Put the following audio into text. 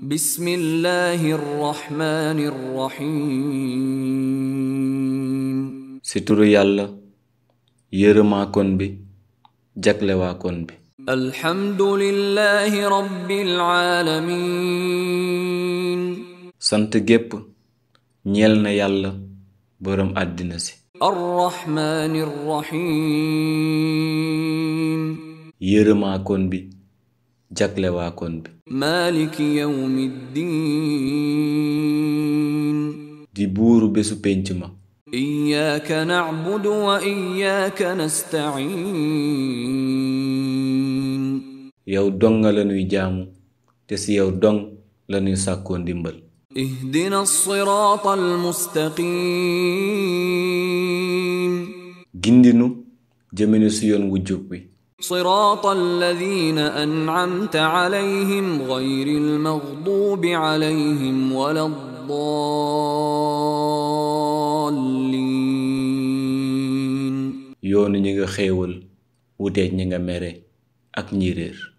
بسم الله الرحمن الرحيم ci turu yàlla yërëmaakoon bi jaglewaakoon bi alhamdulillahi rabbil aalamiin sant gépp ñeel yàlla boroom àddina si arrahmaani rrahiim yërëmaakoon bi jagle waa kon bi maaliki yawmi di buuru bésu pénc ma iyaaka nacbudu wa iyaaka nastain yow dong la nuy jaamu te si yow dong la nuy sàkkoo ndimbal ihdina siraat almustaqim gindinu jëminu si yoon wu صراط الذين أنعمت عليهم غير المغضوب عليهم ولا الضالين yoonu ñi nga xéewal wuteeg ñi nga mere ak ñi réer